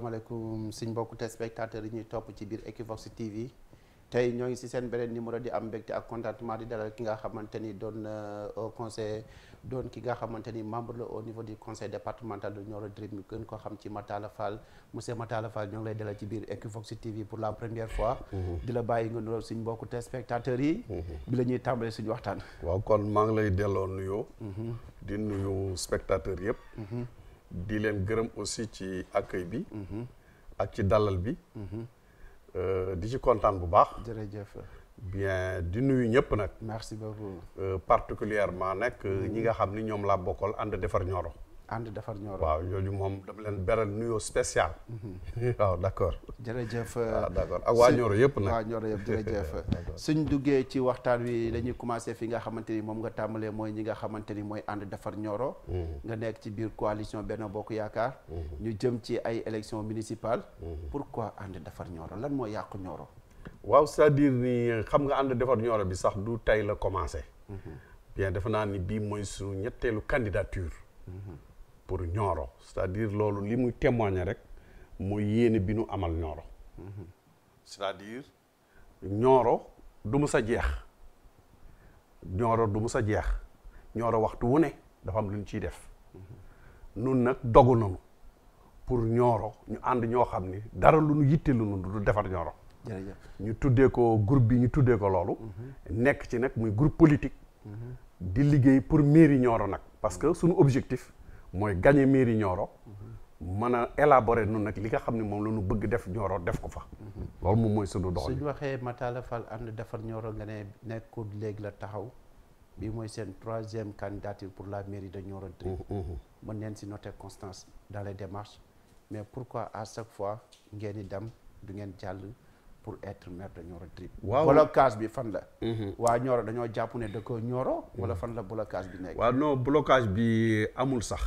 asalaamaaleykum suñ mbokku téléspectateurs yi ñuy topp ci biir Equivox TV tey ñoo ngi si seen beneen numéro di am mbégte ak contentement di dalal ki nga xamante ni doon euh, au conseil doon ki nga xamante ni membre la au niveau du conseil départemental de Nioro Drib ñu gën ko xam ci Matala Fall monsieur Matala Fall ñoo ngi lay dalal ci biir Equivox TV pour la première fois. Mm-hmm. di la bàyyi nga nuyoo suñu mbokku téléspectateurs yi. Mm-hmm. bi la ñuy tàmbalee suñu waxtaan. waaw kon maa ngi lay delloo nuyoo. Mm-hmm. di nuyu spectateurs yëpp. di leen gërëm aussi ci accueil bi. Mhm. ak ci dalal bi. Mhm. Euh, di ci kontaan bu baax. jërëjëf. bien di nuyu ñëpp nag. merci beaucoup. Euh, particulièrement nag mhm. ñi nga xam ni ñoom laa bokkal ànd defar Nioro. ànd defar Nioro waaw ñooñu moom dama leen beral nuyoo spécial. Mm-hmm. waaw d' accord. jërëjëf euh, waaw d' accord ak waa Nioro yëpp nag. waa Nioro yëpp suñ duggee ci waxtaan wi dañuy commencé fi nga xamante ni moom nga tàmbalee mooy ñi nga xamante ni mooy ànd defar Nioro. Mm-hmm. nga nekk ci biir coalition benn Bokk Yaakaar. Mm-hmm. ñu jëm ci ay élections municipales. pourquoi ànd defar Nioro lan moo yàqu Nioro. waaw c' diir à dire xam nga ànd defar Nioro bi sax du tey la commencé. bien defe naa ni bii mooy suñu ñetteelu candidature. pour ñooro c'est-à-dire loolu li muy témoigner rek muy yéene bi nu amal Nioro c'est-à-dire Nioro du mu sa jeex ñooro du mu sa jeex Nioro waxtu wu ne dafa am lu ñu ciy def nun nag dogu nañu pour ñooro ñu ànd ñoo xam ni dara lu ñu yitte lu nu du defar Nioro ñu tuddee ko group bi ñu tuddee ko loolu nekk ci nag muy groupe politique mhm. di liggéey pour mairie Nioro nag parce que suñu objectif mooy gagné mairie Nioro mën a élaborer noonu nag li nga xam ne moom la ñu bëgg def Nioro def ko fa loolu moom mooy sunu doxal suñ waxee Matala Fall ànd defar Nioro nga ne nekkul léegi la taxaw bi mooy seen troisième candidature pour la mairie de Nioro mën neen si noter constance dans les démarches mais pourquoi à chaque fois ngeen di dem du ngeen jàll pour être maire de Nioro Drip. waaw blocage bi fan la. Mhm. waa ñooro dañoo jàpp ne da ko Nioro. Mhm. wala fan la blocage bi nekk. waaw non blocage bi amul sax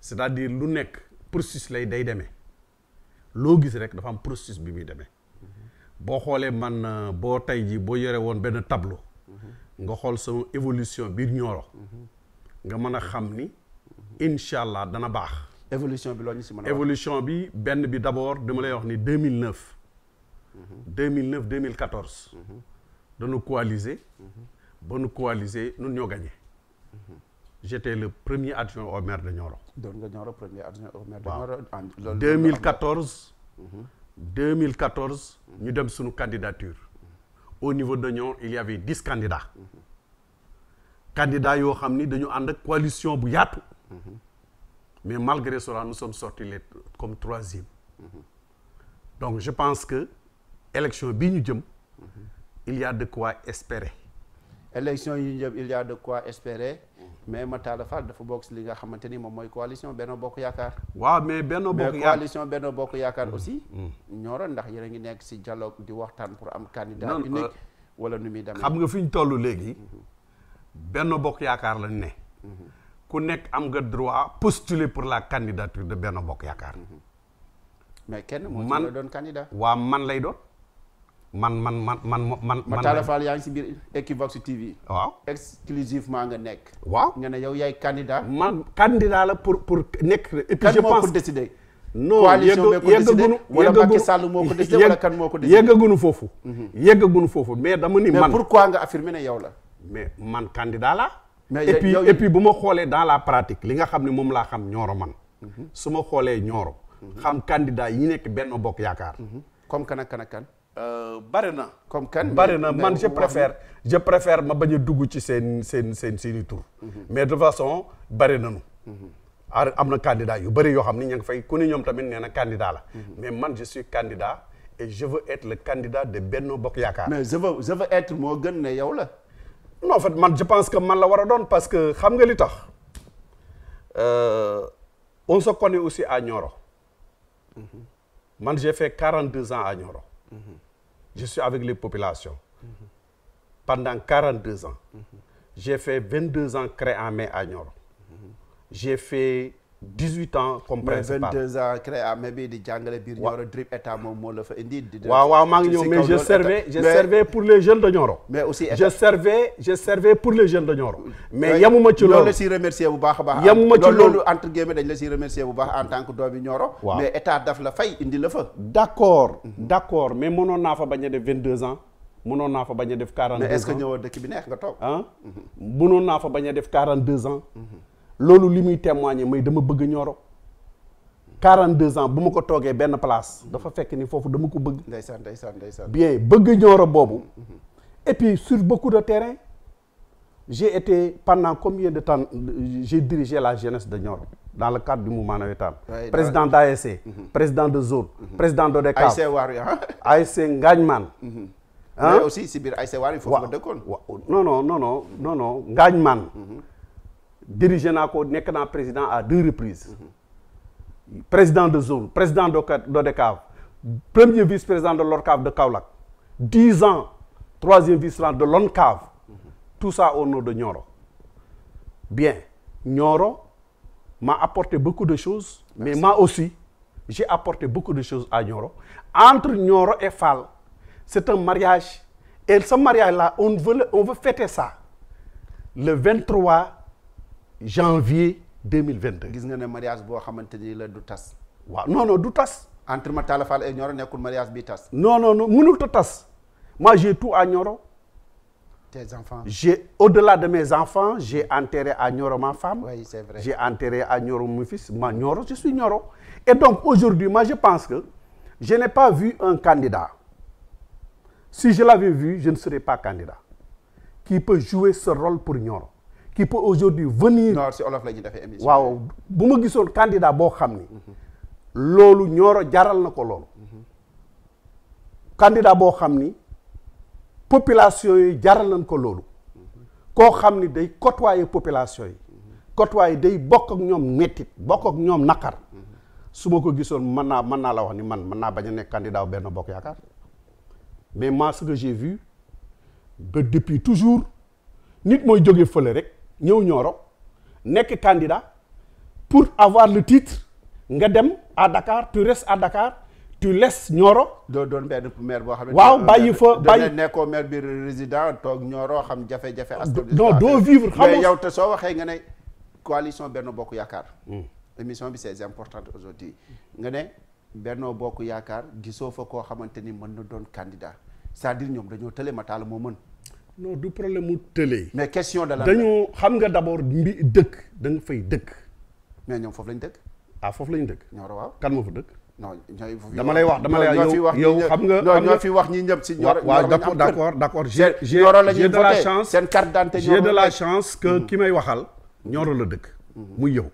c'est-à-dire lu nekk processus lay day demee loo gis rek dafa am processus bi muy demee mhm. boo xoolee man euh, boo tey jii boo yore woon benn tableau. nga xool sama évolution biir Nioro. nga mën a xam ni. incha allah dana baax. évolution bi loo ñu si man a évolution bi benn bi d'abord dama lay wax ni 2009. 2009 2014. Mhm. dañu coaliser. Mhm. ba nu coaliser nun ñoo gagné. Mhm. j'étais le premier adjoint au maire de Nioro. doon nga Nioro premier adjoint au maire de Nioro. waaw 2014. 2014. ñu dem suñu candidature. au niveau de Nioro il y avait yoo xam ni dañu ànd ak coalition bu yaatu. mais malgré cela nous sommes sortis les comme troisième. donc je pense que. élection bii ñu jëm il y a espérer. élection yi ñu jëm il y de quoi espérer mais Matala Fall dafa bokk si li nga xamante ni moom mooy coalition Benno Bokk Yaakaar. waaw mais Benno Bokk Yaakaar mais Bokk Yaakaar aussi. Mm. ñooroon ndax yéen a ngi nekk si dialogue di waxtaan pour am. candidat unique euh, wala nu muy demee. xam nga fi ñu tollu léegi Benno Bokk Yaakaar lañ ne. Mm-hmm. ku nekk am nga droit postuler pour la candidature de Benno Bokk Yaakaar. Mm-hmm. mais kenn moo ci doon candidat. waaw man lay doon. man man man man man man. Talla Fall yaa ngi si biir Equivox TV. waaw exclusivement nga nekk. waaw nga ne yow yaay candidat. man candidat la pour pour nekk. et puis je pense kan moo ko décidé. non coalition bee ko décidé wala Macky Sall moo ko décidé wala kan moo ko décidé. yeggagunu foofu. Mhm. yeggagunu foofu mais dama ni man. mais pourquoi nga affirmer ne yow la. mais man candidat la. mais et puis et puis bu ma xoolee dans la pratique li nga xam ne moom laa xam ñooro man. Mhm. su ma xoolee ñooro. Mhm. xam candidat yi nekk benn bokk yaakaar. comme kan ak kan ak kan. Euh, bari na. comme kan bari na man je préfère je préfère ma bañ a dugg ci seen seen seen seen tur. Mhm. mais de façon bari nañu. Mhm. am na candidat yu bëri yoo xam ni ña ngi fay ku ni ñoom tamit nee na candidat la. Mhm. mais man je suis candidat et je veux être le candidat de Benno Bokk Yaakaar. mais je veux je moo gën ne yow la. non en man je pense que man la war a doon parce que xam nga li tax euh, on se connaît aussi à Nioro. man j'ai fait 42 ans à Nioro. je suis avec les populations. pendant quarante deux ans. j'ai fait vingt deux ans CREAME à Nioro. j'ai fait 18 ans comme principal mais 22 ans créé amee bi di jàngale biir Nioro drip état moom moo la fa indi. di waaw waaw maa ngi ñëw mais je servais je servais pour les jeunes de Nioro. mais aussi je servais je servais pour les jeunes de Nioro. mais yemuma ci loolu loolu la siy remercier bu baax a baax. yemuma ci loolu loolu entre guillemets dañ la siy remercier bu baax en tant que doomi Nioro. waaw mais état daf la fay indi la fa. d' accord mhm. d' accord mais mënoon naa fa bañ a def 22 ans. mënoon naa fa bañ a def. 42 ans mais est ce que ñëwoon dëkk bi neex nga toog. ah mënoon naa fa bañ a def 42 ans. Mhm. loolu li muy témoigner mooy dama bëgg quarante 42 ans bu ma ko toogee benn place dafa fekk ni foofu dama ko bëgg. ndeysaan ndeysaan ndeysaan bien bëgg Nioro boobu. et puis sur beaucoup de terrain j'ai été pendant combien de temps j'ai dirigé la jeunesse de Nioro dans le cadre du mouvement nawetaan ouais, président d'ASC mhm. président de zone mm -hmm. président d'ODECAV ASC waar yi ASC Ngaañmaan mais mhm. aussi si biir ASC waar yi foofu nga dëkkoon non dirigé naa ko nekk naa président à deux reprises président de zone président de d'ODCAV premier vice-président de l'ORCAV de Kaolack dix ans troisième vice-président de l'ONCAV tout ça au nom de Nioro bien Nioro m'a apporté beaucoup de choses Merci. mais moi aussi j'ai apporté beaucoup de choses à Nioro entre Nioro et Fall c'est un mariage et ce mariage la on veut on veut fêter ça le 23 janvier deux mille vingt gis nga ne mariage boo xamante ni la du tas. waaw non du tas. entre ma Talla Fall et Nioro nekkul mariage bi tas. non no non mënul ta tas. ma j'ai tout à Nioro. tes enfants. j'ai au-delà de mes enfants j'ai enterré à Nioro ma femme. oui c'est vrai j'ai enterré à Nioro mon fils ma Nioro je suis Nioro. et donc aujourd'hui moi je pense que je n'ai pas vu un candidat si je l'avais vu je ne serais pas candidat qui peut jouer ce rôle pour Nioro. qui peut aujourd'hui venir. non si olof la ñuy defee émission waaw bu ma gisoon candidat boo xam ni. loolu ñooro jaral na ko loolu. candidat boo xam ni population yi jaral nañ ko loolu. koo xam ni day côtoyer population yi. côtoyer day bokk ak ñoom mettit bokk ak ñoom naqar. su ma ko gisoon mën naa mën naa la wax ni man mën naa bañ a nekk candidat benn bokk yaakaar mais moi ce que j'ai vu depuis toujours nit mooy jóge fële rek. ñëw ñooro nekk candidat pour avoir le titre nga dem à Dakar tu restes à Dakar tu laisses Nioro. doo doon benn maire boo xam ne. waaw bàyyi fa bàyyi nekkoo maire bi résident toog ñooro xam jafe-jafe. askan bi non doo vivre xam mais yow te soo waxee nga ne coalition Benno Bokk Yaakaar. Hmm. émission bi c'est important aujourd'hui nga ne Benno Bokk Yaakaar gisoo fa koo xamante ni mën na doon candidat c'est-à-dire ñoom dañoo tële Matala moo mën. non du problème mu tëlee. mais question de dañoo xam nga d' abord mbi dëkk da nga fay dëkk. mais ñoom foofu lañ dëkk. ah foofu lañ dëkk. ñooro waaw kan moo fa dëkk. non dama lay wax dama lay wax yow xam nga ñoo fi wax ñi ñëpp si ñoro waaw d' accord d' accord d' accord j'ai seen carte d' de la chance que mm-hmm. ki may waxal ñooro la dëkk mm-hmm. muy yow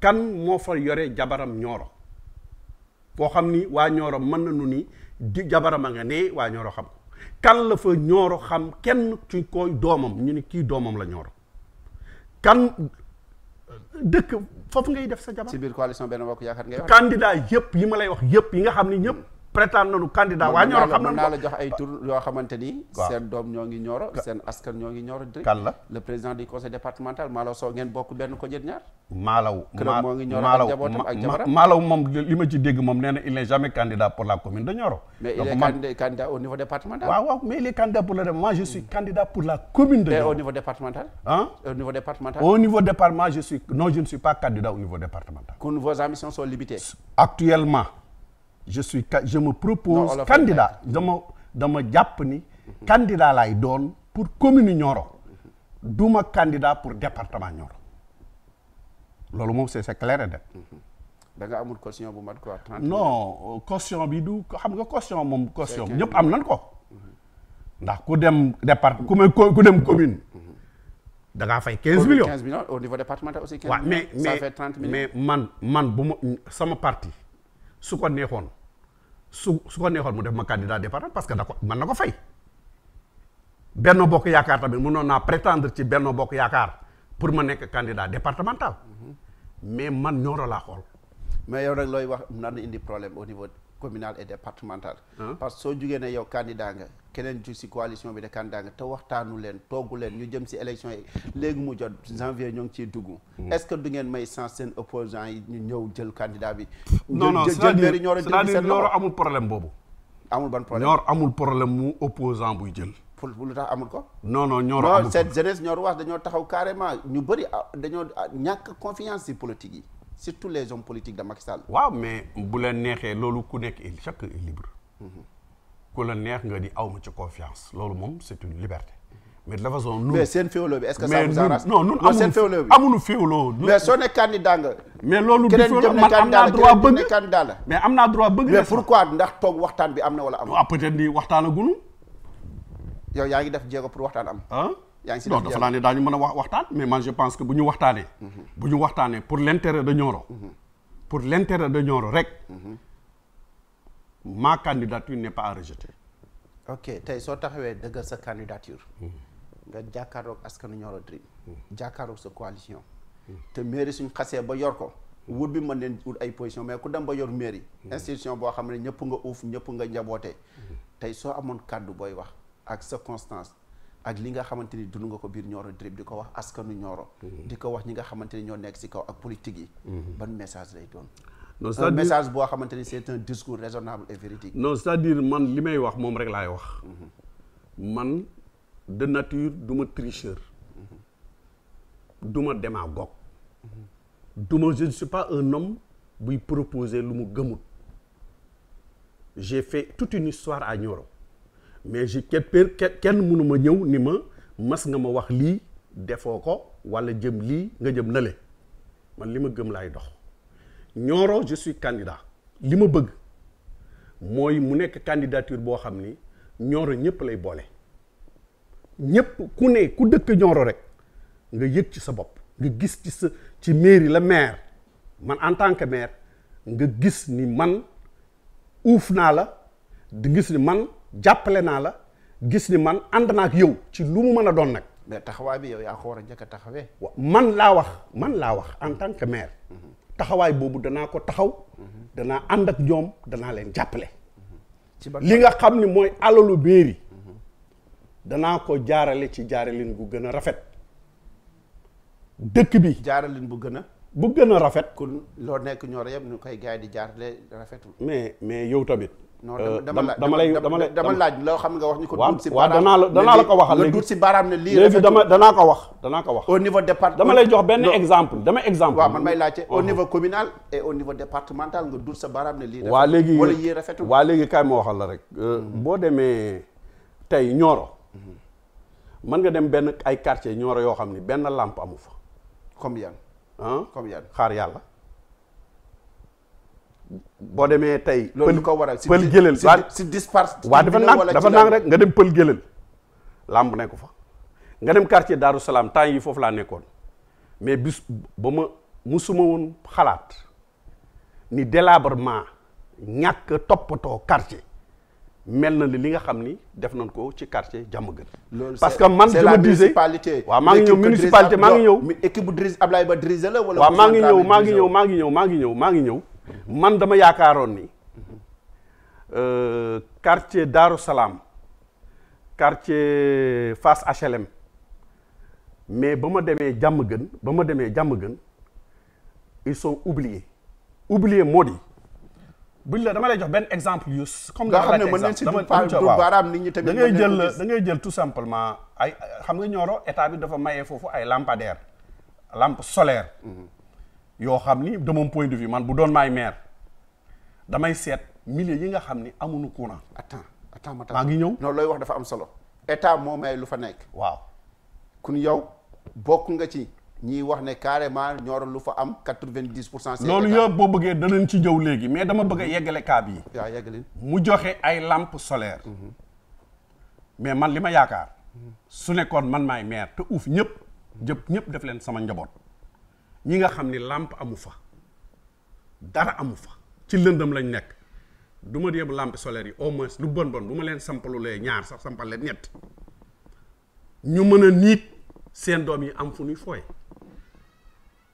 kan moo fa yore jabaram ñooro boo xam ni waa ñooro mën nañu ni di jabaram a nga ne waa ñooro xam kan la fa ñooro xam kenn ci koy doomam ñu ni kii doomam la ñooro kan dëkk foofu ngay def sa jabar ci biir coalition benn bokk yaakaar yëpp yi ma lay wax yëpp yi nga xam ni ñëpp prétendre nañu candidat waa Nioro xam nañu naa la jox ay tur yoo xamante ni seen doom ñoo ngi Nioro seen askan ñoo ngi Nioro direct kan la le président du conseil départemental Malaw Sow ngeen bokk benn ko jët ñaar Malaw këram moo ngi Nioro ak njabootam ak jabaram Malaw moom li ma ci dégg moom nee na il n'est jamais candidat pour la commune de Nioro mais il est candidat au niveau départemental waaw waaw mais il est candidat pour le moi je suis candidat pour la commune de Nioro au niveau départemental ah au niveau départemental au niveau département je suis non je ne suis pas candidat au niveau départemental vos ambitions sont limitées actuellement je suis je me propose non, candidat dama dama jàpp ni candidat laay doon pour commune Nioro duma candidat pour département Nioro loolu moom c'est c'est clair de mm-hmm. da amul caution bu mat quoi non caution bi du xam nga caution moom caution ñëpp am nan ko mm-hmm. ndax ku dem départ ku dem commune mm-hmm. da ngaa fay quinze millions quinze millions au niveau départemental aussi quinze millions waaw mais man man bu ma sama parti su ko neexoon su su ko neexoon mu def ma candidat département parce que da ko mën na ko fay Benno Bokk Yaakaar tamit mënoon naa prétendre ci Benno Bokk Yaakaar pour ma nekk candidat départemental mhm. mais man Nioro laa xool mais yow nag looy wax nan indi problème au niveau communal et départementale. Ah. parce que soo jugee ne yow candidat nga keneen ju si coalition bi de candidat nga te waxtaanu leen toogu leen ñu jëm si élection yi léegi mu jot janvier ñoo ngi ciy dugg. Mm-hmm. est-ce que du ngeen may sens seen opposant yi ñu ñëw jël candidat bi. non non c'est-à-dire cest à amul problème boobu. amul ban problème Nioro amul problème mu opposant buy jël. pour lu tax amul ko. non non Nioro amul ko cette jeunesse Nioro wax dañoo taxaw carrément ñu bëri ah, dañoo ah, ñàkk confiance si yi. surtout les hommes politiques de Macky Sall. waaw mais bu la neexee loolu ku nekk il chacun est libre. ku la neex nga di awma ci confiance loolu moom c' est liberté. mais de la façon nous mais seen féewloo bi est ce que ça vous arrange non non seen féewloo bi amuñu féewloo mais soo ne candidat mais loolu du féewloo man am naa droit bëgg candidat la mais am naa droit bëgg mais pourquoi ndax toog waxtaan bi am na wala am waaw ah, peut être ni waxtaan a gunu yow yaa ngi def jéego pour waxtaan am ah yaa si non dafa naa ne mën a wax waxtaan mais man je pense que bu ñu waxtaanee. Mhm. bu ñu waxtaanee pour l' intérêt de mhm. pour l' intérêt de Nioro rek. Mhm. ma candidature n' est pas à rejeter. ok tey soo taxawee dëggal sa candidature. nga jàkkaaroog askanu Nioro Dream. jàkkaaroog sa coalition. te mairie suñ xasee ba yor ko. wut bi mën leen wut ay position mais ku dem ba yor mairie. institution boo xam ne ñëpp nga uuf ñëpp nga njabootee. tey soo amoon kàddu booy wax ak sa constance. ak li nga xamante ni dund nga ko biir Nioro drip di ko wax askanu Nioro mhm. di ko wax ñi nga xamante ni ñoo nekk si kaw ak politique yi mhm. ban message lay doon non message boo xamante ni c'est un discours raisonnable et véridique non cest à man li may wax moom rek laay wax mhm. man du ma tricheur du ma démagogue du ma je ne buy proposer lu mu gëmut j'ai fait toute une histoire à Nioro mais je kenn mënuma ñëw ni ma mas nga ma wax lii defoo ko walla jëm lii nga jëm nale man li ma gëm laay dox Nioro je suis li ma bëgg mooy mu nekk candidature boo xam ni ñooro ñëpp lay boole ñëpp ku ne ku dëkk Nioro rek nga yëg ci sa bopp nga gis ci sa ci mairie la maire man en tant que maire nga gis ni man uuf naa la di gis ni man jàppale naa la gis ni man ànd naa ak yow ci lu mu mën a doon nag. mais taxawaay bi yow yaa ko war a njëkk taxawee. man laa wax man laa wax en tant que maire. Mhm. taxawaay boobu danaa ko taxaw. Mhm. danaa ànd ak ñoom danaa leen jàppale. Mhm. li nga xam ni mooy alalu mairie. danaa ko jaarale ci jaaralin bu gën a rafet. dëkk bi jaaralin bu gën a. bu gën a rafet. kon loo nekk ñor yam ñu koy gaay di jaarale rafetu mais mais yow tamit. non euh, dama laaj dama lay dama lay dama laaj loo xam nga wax ñu ko. duut si baaraam danaa la danaa la ko waxal léegi duut si baaraam ne lii. léegi dama danaa ko wax danaa ko wax. au départ dama lay jox benn exemple dama exemple. waaw man may laajte au uh-huh. niveau communal et au niveau départemental sa baaraam ne lii. waa léegi wala yii waa léegi kaay ma waxal la rek. Euh, mm-hmm. boo demee tey Nioro. Mm-hmm. mën nga dem benn ay quartier Nioro yoo xam ni benn làmp amu fa. comme yan. ah comme xaar yàlla. boo demee tey. loolu ko waral si pël géleel si disparse waa dafa nang dafa nang rek nga dem pël géleel làmb ko fa nga dem quartier Daaru Salaam temps yi foofu laa nekkoon mais bis ba ma musuma woon xalaat ni délabrement ñàkk toppatoo quartier mel na ni li nga xam ni def nañ ko ci quartier jàmm gën. loolu parce que man je me disais maa ngi ñëw municipalité maa ngi ñëw. maa ngi ñëw maa ngi ñëw maa ngi ñëw maa ngi ñëw maa ngi ñëw. man dama yaakaaroon ni euh, quartier Daaru Salaam quartier fas HLM mais ba ma demee jàmm gën ba ma demee jàmm gën ils sont oubliés oubliés moo di buñ la damay lay jox benn exemple yu comme nga xam ne mën nañ si du baaraam nit ñi tamit da ngay jël da ngay jël tout simplement ay xam nga ñoro état bi dafa maye foofu ay lampadaire lampe solaire yoo xam ni de mon point de vue man bu doon maay maire damay seet milliers yi nga xam ni amuñu courant. attends ma maa ngi ñëw. non looy wax dafa am solo. état moo may lu fa nekk. waaw kun yow bokk nga ci. ñiy wax ne carrément ñor lu fa am quatre-vingt-dix pour cent. loolu yëpp boo bëggee danañ ci jëw léegi mais dama bëgg a yeggale cas yi waaw yeggale mu joxe ay làmp solaires. Mhm. mais man li ma yaakaar. su nekkoon man maay maire te uuf ñëpp. jëpp ñëpp def leen sama njaboot. ñi nga xam ni làmp amu fa dara amu fa ci lëndëm lañ nekk du ma yëpp làmp solaire yi au moins lu bon bon bu ma leen sampalulee ñaar sax sampal leen ñett ñu mën a niit seen doom yi am fu nuy fooy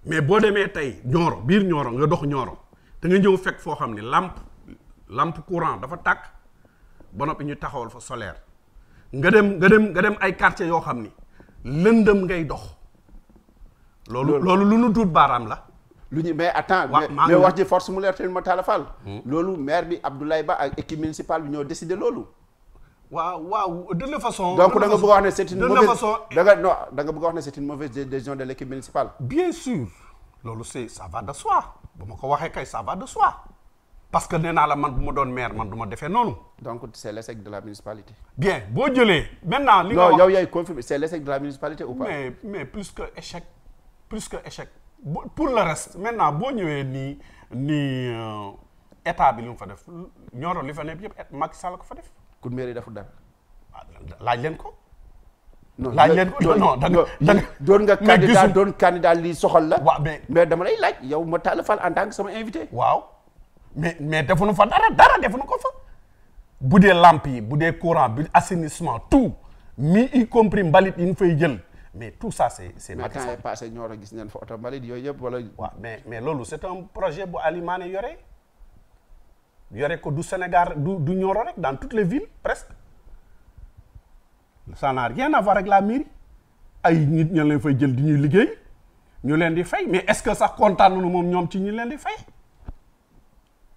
mais boo demee tey ñooro biir ñooro nga dox ñooro te nga ñëw fekk foo xam ni làmp làmp courant dafa takk ba noppi ñu taxawal fa solaire nga dem nga dem nga dem ay quartier yoo xam ni lëndëm ngay dox loolu loolu lu nu duut baaraam la. lu ñu mais attends mais wax ji force mu leer te ma Talla Fall hmm. loolu maire bi Abdoulaye Ba ak équipe municipale bi ñoo décidé loolu. waaw waaw de la façon. donc da bëgg a wax ne c'est une mauvaise da a wax ne décision de l'équipe municipale. bien sûr loolu c'est ça de soi bu ma ko waxee kay ça va de soi. parce que nee naa la man bu ma doon maire man du ma defee noonu. donc c'est l'échec de la municipalité. bien boo jëlee. maintenant li nga wax non yow yaay confirmé c'est l'échec mais mais plus que plus que échec pour le maintenant boo ñëwee nii nii euh, état bi lu mu fa def ñooro li fa nekk yëpp Macky Sall ko fa def. kon mairie deful dara. Ah, laaj leen ko. non laaj leen ko non da nga da nga. doon nga candidat doon candidat lii soxal la. waaw mais mais dama lay laaj yow ma Talla Fall en tant que sama invité. waaw mais mais defuñu fa dara dara defuñu ko fa. bu dee lampe yi bu dee courant bi assainissement tout mi y compris mbalit yi nga fay jël. mais tout ça c' est c' est Macky Sall mais temps gis nañ fa oto mbalit yooyu yëpp wala. waaw mais mais loolu c' est projet bu Alimane yore yore ko du Sénégal du du Nioro rek dans toutes les villes presque ça n'a rien à voir la mairie ay nit ña leen fay jël di ñuy liggéey ñu leen di fay mais est ce que sax kontaan nañu moom ñoom ci ñu leen di fay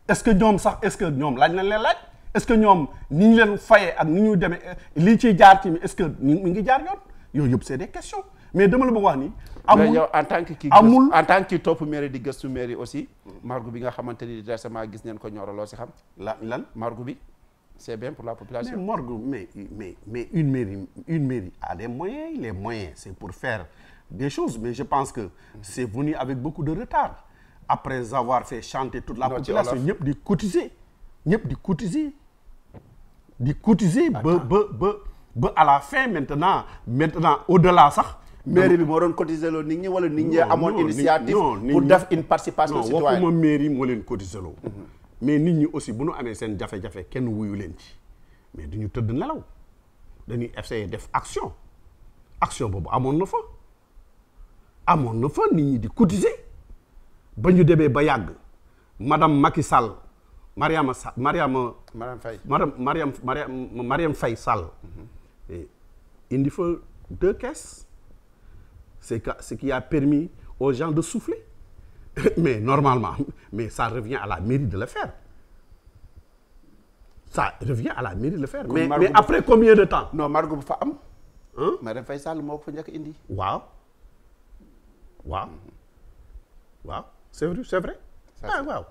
est ce que ñoom sax est ce que ñoom laaj nañ leen laaj est ce que ñoom ni ñu leen fayee ak ni ñu demee lii ciy jaar ci est ce que mi ngi jaar yooyu yëpp c'est des questions mais dama la bëgg wax ni. amul mais yow en tant que kii amul en tant di gëstu mairie aussi. margo bi nga xamante ni ma gis neen ko Nioro loo si xam. la lan margo bi. c'est bien pour la population. mais margo mais mais mais une mairie une mairie a des moyens les moyens c'est pour faire des choses mais je pense que c'est venu avec beaucoup de retard après avoir fait chanter toute la non, population ñëpp di cotiser ñëpp di cotiser di cotiser ba ba ba à la fin maintenant maintenant au la sax. mairie bi moo doon cotiser loo nit ñi wala nit ñi amoon initiative pour def une participation citoyenne non waxuma mairie moo leen cotiser loo mhm. mais nit ñi aussi bu ñu amee seen jafe-jafe kenn wuyu leen ci mais du ñu tëdd nelaw dañuy essayer def action action boobu amoon na fa amoon na fa nit ñi di cotiser ba ñu demee ba yàgg madame Macky Sall Mariama Sa Mariama Mariam Faye Mariam Mariam Mariam Faye Sall mhm. indi fa deux caisses c'est ce qui a permis aux gens de souffler mais normalement mais ça revient à la mairie de le faire ça revient à la mairie de le faire. mais après combien de temps. non margo bu fa am. Marième Faye Sall moo ko fa njëkk indi. waaw waaw waaw c'est vrai c'est vrai. ah waaw.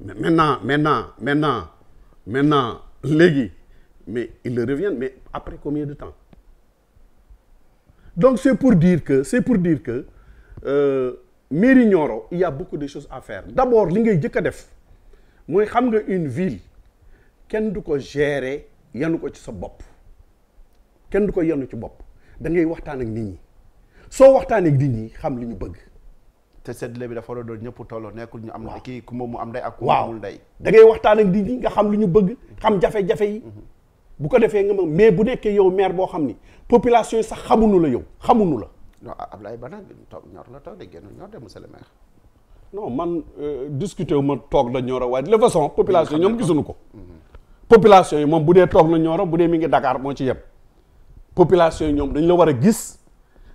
maintenant maintenant maintenant maintenant léegi mais ils le mais après combien de temps donc c'est pour diir que c'est pour dire que euh, mairie Nioro il y de choses à faire d'abord li ngay jëkk a def mooy xam nga une ville kenn du ko gérer yanu ko ci sa bopp kenn du ko yanu ci bopp da ngay waxtaan ak nit ñi soo waxtaanee ak nit ñi xam li ñu bëgg. te seddale bi dafa war a doon tolloo nekkul ñu am. waaw kii ku moom mu am ndey ak ku moomul ndey. da waxtaan ak nit ñi nga xam li ñu bëgg xam jafe-jafe yi. Mhm. bu ko defee nga ma mais bu nekkee yow maire boo xam ni population yi sax xamuñu la yow xamuñu la. non Ablaye Bana ñor la taw de génn ñor de monsieur le maire. non man euh, discuter wu ma toog la ñoro waaye de la façon population ñoom gisuñu ko. population yi moom bu dee toog na ñoro bu dee mi ngi dakaar moo ci yem. population yi ñoom dañ la war a gis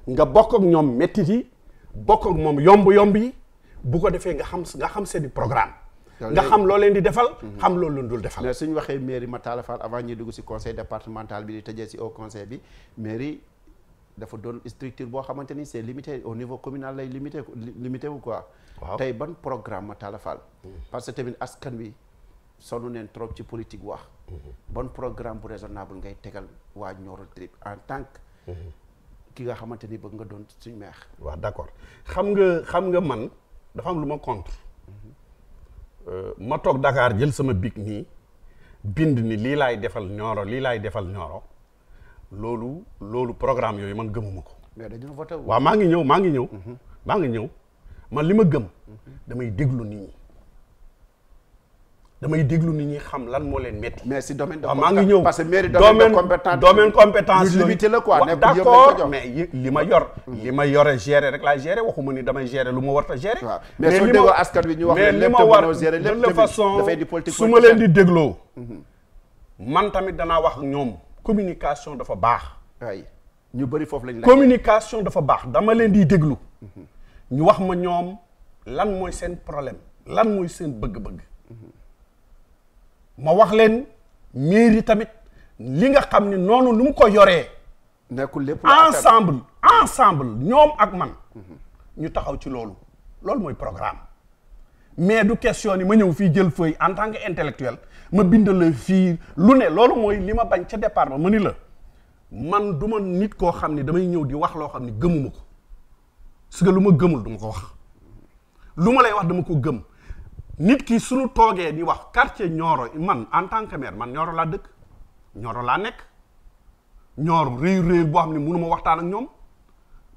nga bokk ñoom mettit yi bokk moom yomb yomb yi bu ko defee nga xam nga xam seeni programme. nga xam lool leen di defal mhm. xam loolu leen dul defal mais suñ waxee mairie Matala Fall avant ñuy dugg si conseil départemental bi di tëjee si au conseil bi mairie dafa doon structure boo xamante ni c'est limité au niveau communal lay limité limité wu quoi tey ban programme Matala Fall mhm. parce que tamit askan wi sonu neen trop ci politique wax mhm. bon programme bu raisonnable ngay tegal waa Nioro Trip en tant que ki nga xamante ni bëgg nga doon suñ meex waaw d'accord xam nga xam nga man dafa am lu ma Euh, ma toog Dakar jël sama bic ni bind ni lii laay defal Nioro lii laay defal Nioro loolu loolu programme yooyu man gëmuma ko. mais dañoo voté waaw maa ngi ñëw maa ngi ñëw. Mhm. maa ngi ñëw man li ma gëm. Mhm. damay déglu nit ñi. damay déglu nit ñuy xam lan moo leen métti. mais si domaine de compétence ah, maa ngi ñëw parce que mairie domaine compétence domaine compétence limité la quoi nekk d'accord mais li ma yor. Mm. li ma yore gérer rek laa gérer ni damay gérer lu ma war a gérer. mais soo déggoo ñu wax leen lépp te mënoo gérer lépp tamit dafay di politique su ma mm-hmm. tamit danaa wax ñoom communication dafa baax. ñu bëri foofu lañ la dafa baax dama leen di déglu. Mm-hmm. ñu wax ma ñoom lan mooy seen problème lan mooy seen bëgg-bëgg. Mm-hmm. ma wax leen mairie tamit li nga xam ne noonu nu mu ko yoree. nekkul lépp ensemble ensemble ñoom ak man. ñu taxaw ci loolu. loolu mooy programme mais du question ni ma ñëw fii jël feuille en tant que intellectuel ma bindal fii lu ne loolu mooy li ma bañ ca départ ba ma ni la man duma nit koo xam ne damay ñëw di wax loo xam ne gëmuma ko parce que lu ma gëmul duma ko wax lu ma lay wax dama ko gëm nit ki suñu toogee ñu wax quartier Nioro man en tant que maire man Nioro laa dëkk Nioro laa nekk ñoor réy réy boo xam ne mënu ma waxtaan ak ñoom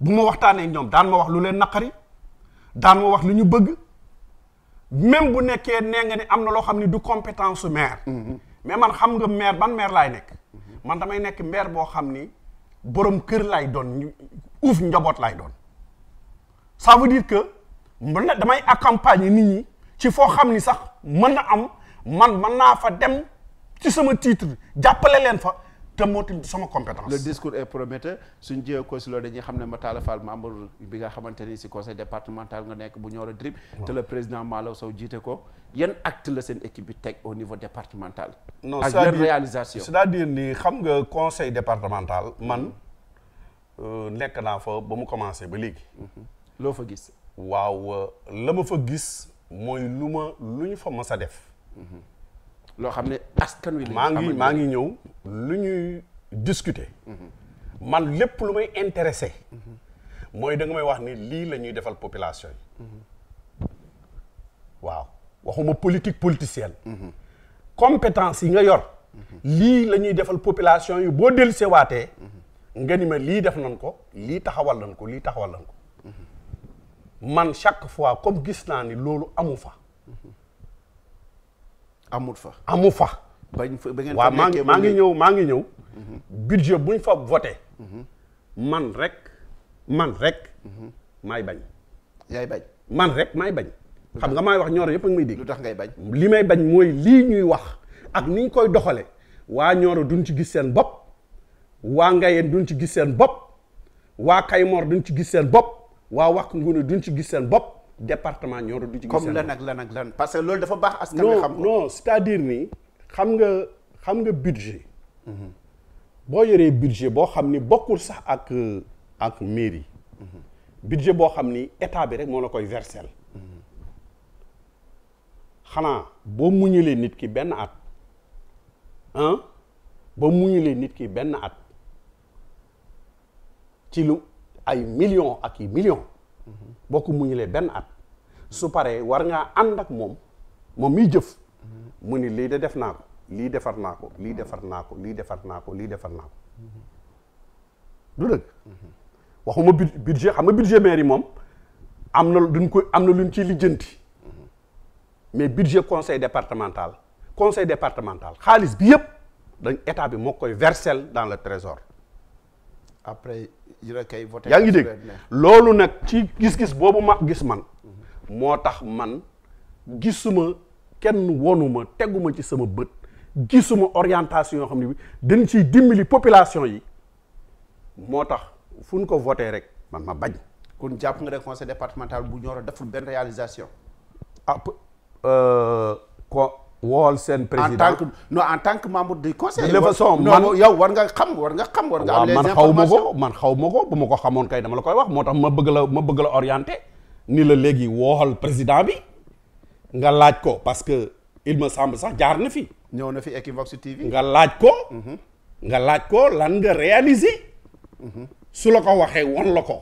bu ma waxtaanee ñoom daan ma wax lu leen naqari daan ma wax lu ñu bëgg même bu nekkee nee nga ne am na loo xam ne du compétence su maire. Mhm. mais man xam nga maire ban maire laay nekk. Mhm. man damay nekk maire boo xam ni borom kër laay doon uuf njaboot lay doon ça veut dire que damay accompagner nit ñi. ci foo xam ni na am man mën naa fa dem ci sama titre jàppale leen fa te moo sama compétence. le discours est prometteur suñ jiyee ko si loolu dañuy xam ne Matala Fall membre bi nga xamante ni si conseil départemental nga nekk bu Nioro du Rip. te le président Malaw Sow ko yan acte la seen équipe bi teg au niveau départemental. non ak yan réalisation c'est-à-dire ni xam nga conseil départemental man euh, nekk naa fa ba mu commencé ba léegi. loo fa gis. waaw euh, la ma fa gis. mooy lu ma lu ñu fa mës a def. Mm-hmm. loo xam ne askan maa ngi maa ngi ñëw lu ñuy discuter. Mm-hmm. man lépp lu may intéressé. Mm-hmm. mooy danga may wax ni lii lañuy defal population yi. waaw waxuma politique politicienne. compétence yi nga yor. lii lañuy defal population yi boo delluseewaatee. nga ni ma lii def nañ ko lii taxawal nañ ko lii taxawal nañ ko. man chaque fois comme gis naa ni loolu amu fa. amut fa amu fa. bañ fa ba ngeen waaw maa ngi ñëw maa ngi ñëw. Mhm. budget buñ fa voté. Mhm. man rek man rek. Mhm. maay bañ. yaay bañ man rek maay bañ. xam nga maay wax Nioro yëpp a ngi may dégg. ngay bañ li may bañ mooy lii ñuy wax ak ni ñu koy doxalee waa Nioro duñ ci gis seen bopp. waa Ngayeen duñ ci gis seen bopp. waa Kaymoor duñ ci gis seen bopp. waa wax Ngouna duñ ci gis seen bopp département Nioro du ci gis seen bopp comme lan ak lan ak lan parce que loolu dafa baax askan wi xam non cest à ni xam nga xam nga budget boo yoree budget boo xam ni bokkul sax ak ak mairie budget boo xam ni état bi rek moo la koy versel xanaa boo muñulee nit ki benn at ah boo muñulee nit ki benn at ci lu ay millions ak i millions boo ko muñulee benn at su paree war ngaa ànd ak moom moom miy jëf mu ni lii de def naa ko lii defar naa ko lii defar naa ko lii defar naa ko lii defar naa ko du dëgg waxuma budget xam nga budget maire yi moom am na duñ ko am na luñ ciy lijjanti mais budget conseil départemental conseil départemental xaalis bi yëpp dañ état bi moo koy versel dans le trésor après kay voté yaa ngi dégg loolu nag ci gis-gis boobu ma gis man moo tax man gisuma kenn wonuma teguma ci sama bët gisuma orientation yoo xam ne bi dañ ciy dimbali population yi moo tax fun ko voté rek man ma bañ kon jàpp nga ne conseil départemental bu Nioro deful benn réalisation ah ko euh, woowal seen président en en tant que membre du conseil. de façon yow war nga xam war nga xam war nga am les informations man ma ko man xaw ma ko ma ko xamoon kay dama la koy wax moo tax ma bëgg ma bëgg la orienté ni la léegi wool président bi nga laaj ko parce que il me semble sax jaar na fi. ñëw na fi Equivox TV. nga laaj ko. Mhm. nga laaj ko lan nga mhm. su la ko waxee woon la ko.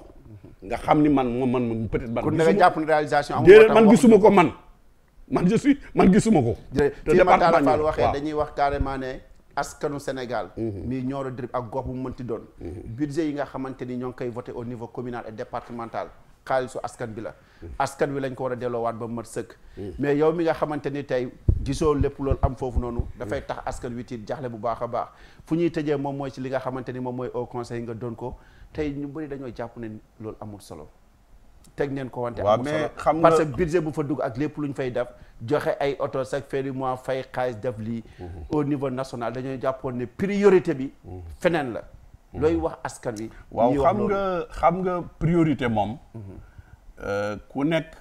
xam ni man man man peut-être. man jàpp ne réalisation. amul man gisuma ko man. man je suis man gisuma ko. département Fall waxee dañuy wax carrément ne askanu Sénégal. Mhm. mii Nioro du Rip ak gox bu mu mënti doon. Mhm. budget yi nga xamante ni ñoo ngi koy voté au niveau communal et départemental xaalisu askan bi la. Mhm. askan wi lañ ko war a delloowaat ba mu mat sëkk. mais yow mi nga xamante ni tey gisoo lépp loolu am foofu noonu. dafay tax askan wi tiit jaxle bu baax a baax fu ñuy tëjee moom mooy ci li nga xamante ni moom mooy au conseil nga doon ko tey ñu bëri dañoo jàpp ne loolu amul solo. teg neen ko wante am solo xam nga parce que budget bu fa dugg ak lépp lu ñu fay def joxe ay oto chaque fin du fay xaalis def li mmh. au niveau national dañoo jàppoon ne priorité bi mmh. feneen la mmh. looy wax askan wi waaw xam nga xam nga priorité moom euh, ku nekk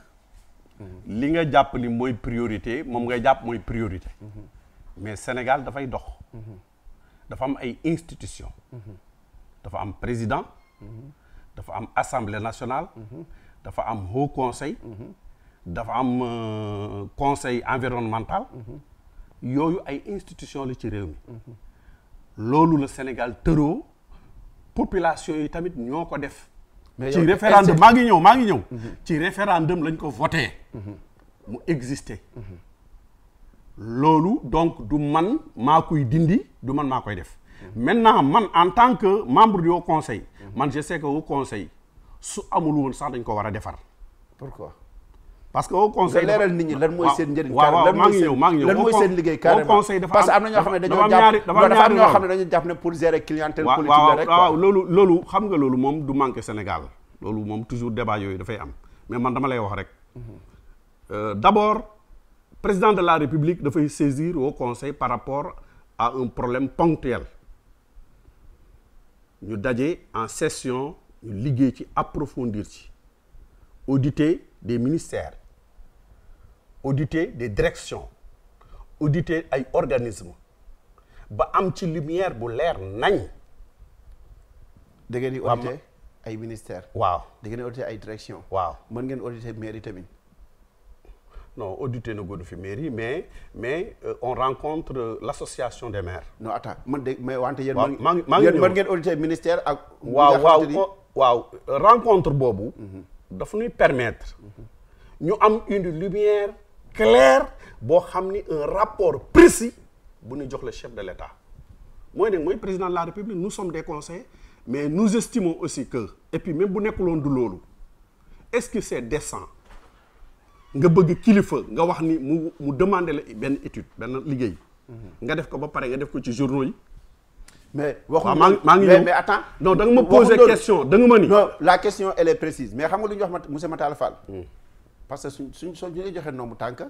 li nga jàpp li mooy priorité moom nga jàpp mooy priorité mais Sénégal dafay dox dafa am ay institution dafa am président dafa am assemblée national dafa am haut conseil dafa am euh, conseil environnemental yooyu ay institution la ci réew mi loolu la Sénégal tëroo population yi tamit ñoo ko def ci référendum maa ngi ñëw maa ngi ñëw mhm. ci référendum lañ ko voté mhm. mu existé mhm. loolu donc du man maa kuy dindi du man maa koy def maintenant man en tant que membre du conseil man je sais que haut conseil su amul woon sax dañ ko war a defar. pourquoi. parce que au conseil dafa nit ñi lan mooy seen njëriñ. maa ngi ñëw mooy seen liggéey carrément parce que am na ñoo xam am ñoo xam ne dañoo jàpp ne xam nga loolu moom du manqué Sénégal loolu moom toujours débat yooyu dafay am mais man dama lay wax rek euh, d'abord président de la République dafay saisir au conseil par rapport a un problème ponctuel ñu daje en session ñu liggéey ci approfondir ci auditer de ministère auditer des directions auditer ay organismes ba am ci lumière bu leer nañ. da ngeen di auditer ay ministères. waaw da ngeen di auditer ay directions. waaw mën ngeen auditer mairie tamit. non auditer na gënu fi mairie mais mais euh, on rencontre euh, l'association des maires. non attends de mais wante yéen. waaw maa ngi maa ngi mën ngeen auditer ministère ak. waaw waaw waaw rencontre boobu dafa ñuy permettre ñu am une lumière claire boo xam ni un rapport précis bu nu jox la chef de l'État mooy nag mooy président de la République nous sommes des conseils mais nous estimons aussi que et puis même bu nekkuloon du loolu est-ce que c'est décent nga bëgg kilifa nga wax ni mu mu demande la benn étude benn liggéey nga def ko ba pare nga def ko ci journaux yi mais waxuñu maa maa ngi ñëw mais attends non da nga ma poser question da ma ni. la question elle précise mais xam nga lu ñu wax monsieur Matala Fall. Hmm. parce que suñ suñ soo ñu lay joxe nombre tànk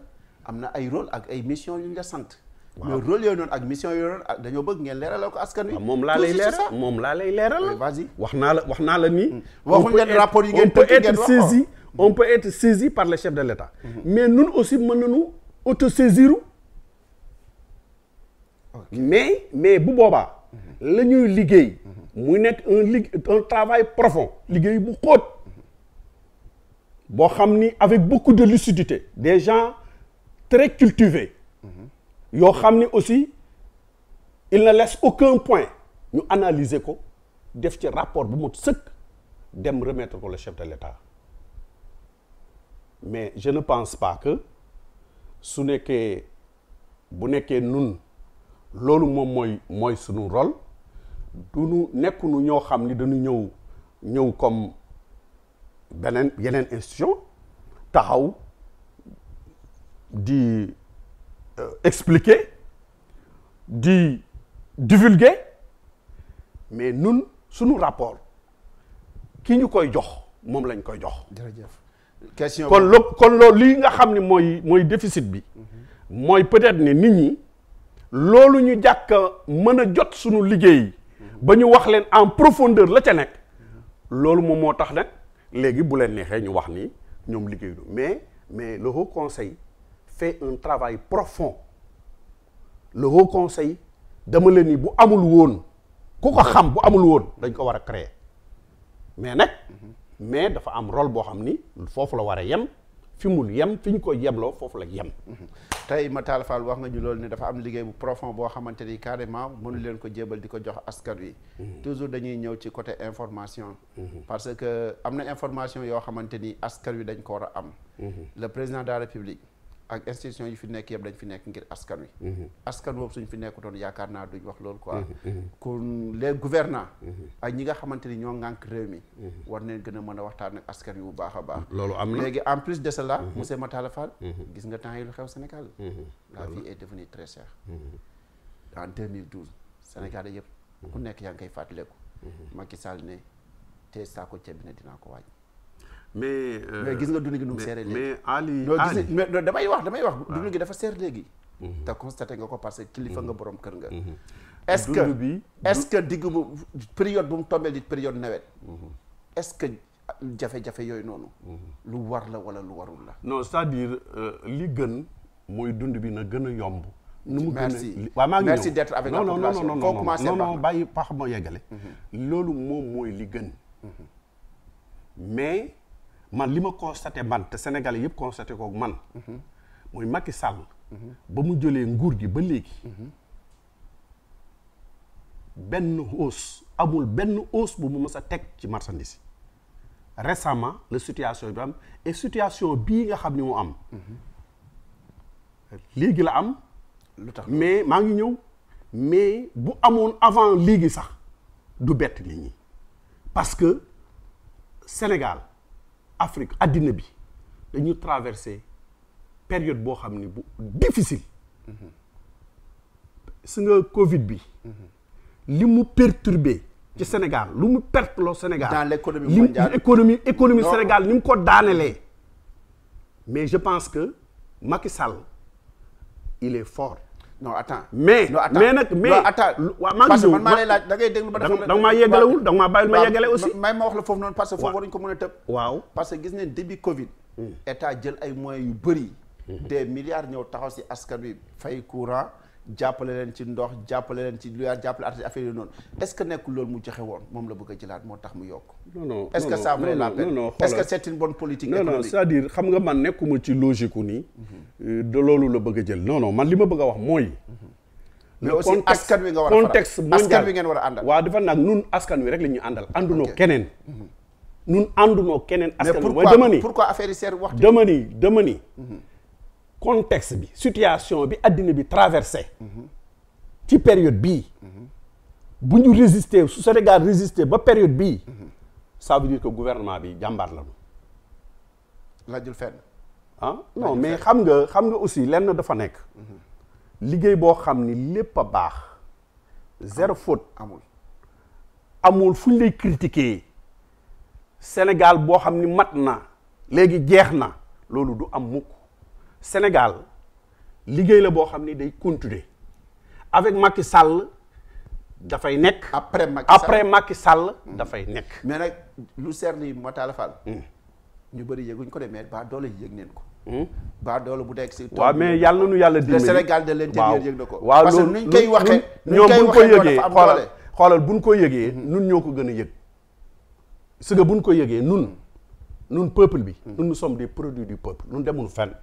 am na ay role ak ay mission yu ñu la sant. waaw mais rôle yooyu noonu ak mission yooyu noonu ah, dañoo bëgg ngeen leeralal ko askan wi. Ah, moom laa lay leeral moom laa lay leeral. vas wax naa la wax naa la nii. Hmm. waxuñu leen rapport yi ngeen tënk ngeen wax on peut être saisi hmm. on peut être saisi par le chef de l'État. mais mais bu boobaa la ñuy liggéey muy nekk un lig un travail profond liggéey bu xóot boo xam ni avec beaucoup de lucidité des gens très cultivés yoo xam ni aussi il ne laisse aucun point ñu analyser ko def ci rapport bu mot sëkk dem remettre ko le chef de l'État mais je ne pense pas que su nekkee bu nekkee nun loolu moom mooy mooy sunu rôle nekku nekkunu ñoo xam ni dañu ñëw ñëw comme beneen yeneen institution taxaw di euh, explique di divulguer mais nun sunu rapport ki ñu koy jox moom lañ koy jox. jërëjëf question kon loo kon loo lii nga xam ni mooy mooy déficit bi. Mhm. mooy peut-être ne nit ñi. loolu ñu jàkk mën a jot suñu liggéey. ba ñu wax leen en profondeur la ca nekk loolu moom moo tax nag léegi bu leen neexee ñu wax ni ñoom liggéey du mais mais le conseil fait un travail profond le haut conseil dama leen ni bu amul woon ku ko xam bu amul woon dañ ko war a créer mais nag mais dafa am rôle boo xam ni foofu la war a yem fi mul yem fi ñu ko yemloo foofu la yem mm-hmm. tey Matar Fall wax nga ñu loolu ne dafa am liggéey bu profond boo xamante ni carrément mënu leen ko jéebal di ko jox askan wi mm-hmm. toujours dañuy ñëw ci côté information mm-hmm. parce que am na information yoo xamante ni askan wi dañ ko war a am le président de la république ak institution yi fi nekk yëpp dañ fi nekk ngir askan wi. Mhm. askan boobu suñ fi nekkutoon yaakaar naa duñ wax loolu ko mhm, mhm. kon les gouvernants. ak ñi nga xamante ni ñoo ŋànk réew mi. war neen gën a mën a waxtaan ak askan wi bu baax a baax. loolu am na léegi en plus de cela. monsieur Matala Fall. gis nga temps yi lu xew Sénégal. la vie est devenue très chère. en 2012 Sénégal yëpp ku nekk yaa ngi koy fàttaliku. Macky Sall ne te saako ceeb bi ne dinaa ko wàññi. mais mais euh, gis nga dund gi nu mu seere léegi mais Ali Ali damay wax damay wax ah. dund gi dafa seer léegi mhm. te constaté nga ko parce que kilifa nga mhm. borom kër nga mhm. est-ce que bi est-ce que diggu mu période bu mu tombeel di période nawet est-ce que jafe-jafe yooyu noonu lu war la wala lu warul la non sa à dire euh, li gën mooy dund bi na gën a yomb nu mu gën a waaw maa ngi merci d'être avec la population non non non non bàyyi pax ma yeggale loolu moom mooy li gën mais man li ma constaté man te Sénégalais yëpp constaté kook man mooy Macky Sall ba mu jëlee nguur gi ba léegi benn hausse amul benn hausse bu mu mës a teg ci marchandise récemment la situation bi am et situation bi nga xam ni mu am léegi la am lu tax mais maa ngi ñëw mais bu amoon avant léegi sax du bett nit ñi parce que Sénégal Afrique àddina bi dañu traversé période boo xam ne bu difficile su nga Covid bi li mu perturbé ci Sénégal lu mu perte loo Sénégal dans l'économie économie économie Sénégal ni mu ko daanelee mais je pense que Macky Sall il est fort non attends mais non, attends. mais nag mais non, attends waaw maa ngi man maa lay laaj ma yeggale aussi may ma wax la foofu noonu parce que foofu waruñu ko mën a tëb waaw parce que gis ne début covid hmm. état jël ay moyens yu bëri hmm. de milliards ñëw taxaw si askan bi fay courant jàppale leen ci ndox jàppale leen ci lu yaar jàppale artiste affaire yi noonu est-ce que nekkul loolu mu joxe woon moom la bëgg a jëlaat moo tax mu yokk non non est-ce que ça vaut la peine est-ce xam nga man nekkuma ci logique nii mhm. euh, loolu la bëgg a jël non non man li ma bëgg a wax mooy mhm. mais aussi askan wi nga war a contexte mondial askan wi ngeen war a àndal waaw dafa nag nun askan wi rek la ñuy àndal àndunoo keneen nun mhm. àndunoo keneen askan wi mooy dama ni pourquoi affaire yi wax dama ni dama contexte bi situation bi àddina bi traversé ci période bii bu ñu résister su Sénégal résister ba période bi ça veut dire que bi jàmbaar la ñu lajjul fenn ah mais xam nga xam nga aussi lenn dafa nekk liggéey boo xam ni lépp a baax zéro faute amul amul fu ñu lay critiquer Sénégal boo xam ni mat na léegi jeex na loolu du am mukk Sénégal liggéey la boo xam ni day continuer avec Macky sàll dafay nekk. après Macky Sall après Macky Sall dafay nekk. Hmm. mais nag lu seer lii Matala Fall. Hmm. ñu bëri yëguñ ko de mais ba doole yëg neen ko. Hmm. ba doole bu nekk si. waaw mais yàlla nu yàlla dimbali Sénégal de l'intérieur yëg na ko. waaw parce que nuñ koy waxee. ñoom buñ ko xoolal xoolal ko yëgee. nun ñoo ko gën a yëg. su nga buñ ko yëgee nun nun peuple bi. nun nous sommes des produits du peuple nun demul fenn.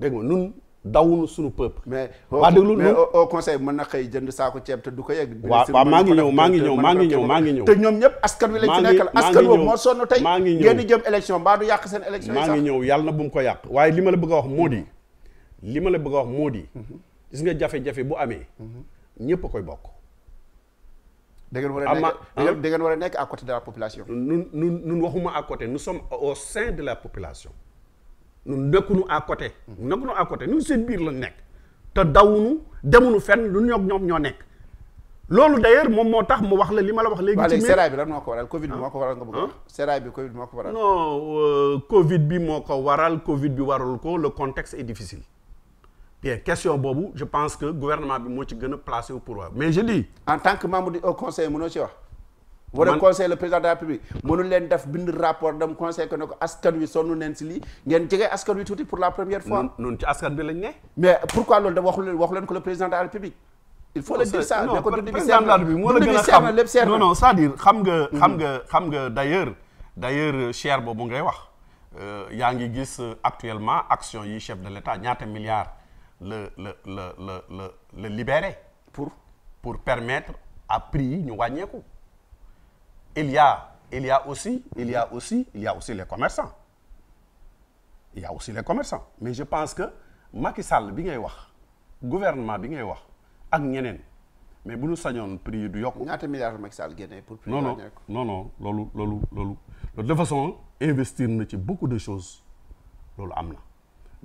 dégg nga nun dawunu suñu peuple. mais waa déglu mais au conseil mën na xëy jënd saako ceeb te du ko yegg. waa waaw maa ngi ñëw maa ngi ñëw maa ngi ñëw maa ngi ñëw. te ñoom ñëpp askan wi lañ fi nekkal askan woowu moo sonn di jëm élection mbaa du yàq seen élection maa ngi ñëw yàlla na bu mu ko yàq waaye li ma la bëgg a wax moo di li ma la bëgg wax moo di gis nga jafe-jafe bu amee ñëpp a koy bokk. da ngeen war a nekk ah? da ngeen war a nekk à côté de la population. nun nun nun waxuma a côté nu sommes au sein de la population ñun nekkuñu à côté. nekkuñu à côté nu seen biir lañ nekk. te dawunu demuñu fen lu ñoog ñoom ñoo nekk. loolu d'ailleurs moom moo tax ma wax la li ma la wax léegi. ci sérail bi lan moo ko waral Covid bi ah. moo ko waral nga bëgg a wax. Ah. sérail bi Covid bi moo ko waral. Euh, Covid bi moo ko waral Covid bi warul ko le contexte est difficile. bien question boobu je pense que gouvernement bi moo ci gën a placé wu pour waaw mais je dis. en tant que membre du conseil mënoo ci wax. wala conseil le président de la République mënul leen def bind rapport dem conseil que ne ko askan wi sonn neen si lii ngeen jege askan wi tuuti pour la première fois. noonu ci askan bi lañ ne. mais pourquoi loolu da waxu leen waxu leen ko le président de la République. il faut le dire ça ne ko bi seer na dund seer na lépp seer na non non dire xam nga. Mm-hmm. xam nga xam nga d'ailleurs d'ailleurs euh, cher boobu ngay wax. Euh, yaa ngi gis euh, actuellement action yi chef de l'État ñaata milliards la la la la la la libéré. pour pour permettre à yi ñu wàññeeku. il y il y aussi il y aussi il y a aussi les commerçants il y aussi les commerçants mais je pense que Macky Sall bi ngay wax gouvernement bi ngay wax ak ñeneen mais bu ñu sañoon prix du yokk. ñaata milliards Macky Sall génne pour. prix non non non non loolu loolu loolu de façon investir na ci beaucoup de choses loolu am na.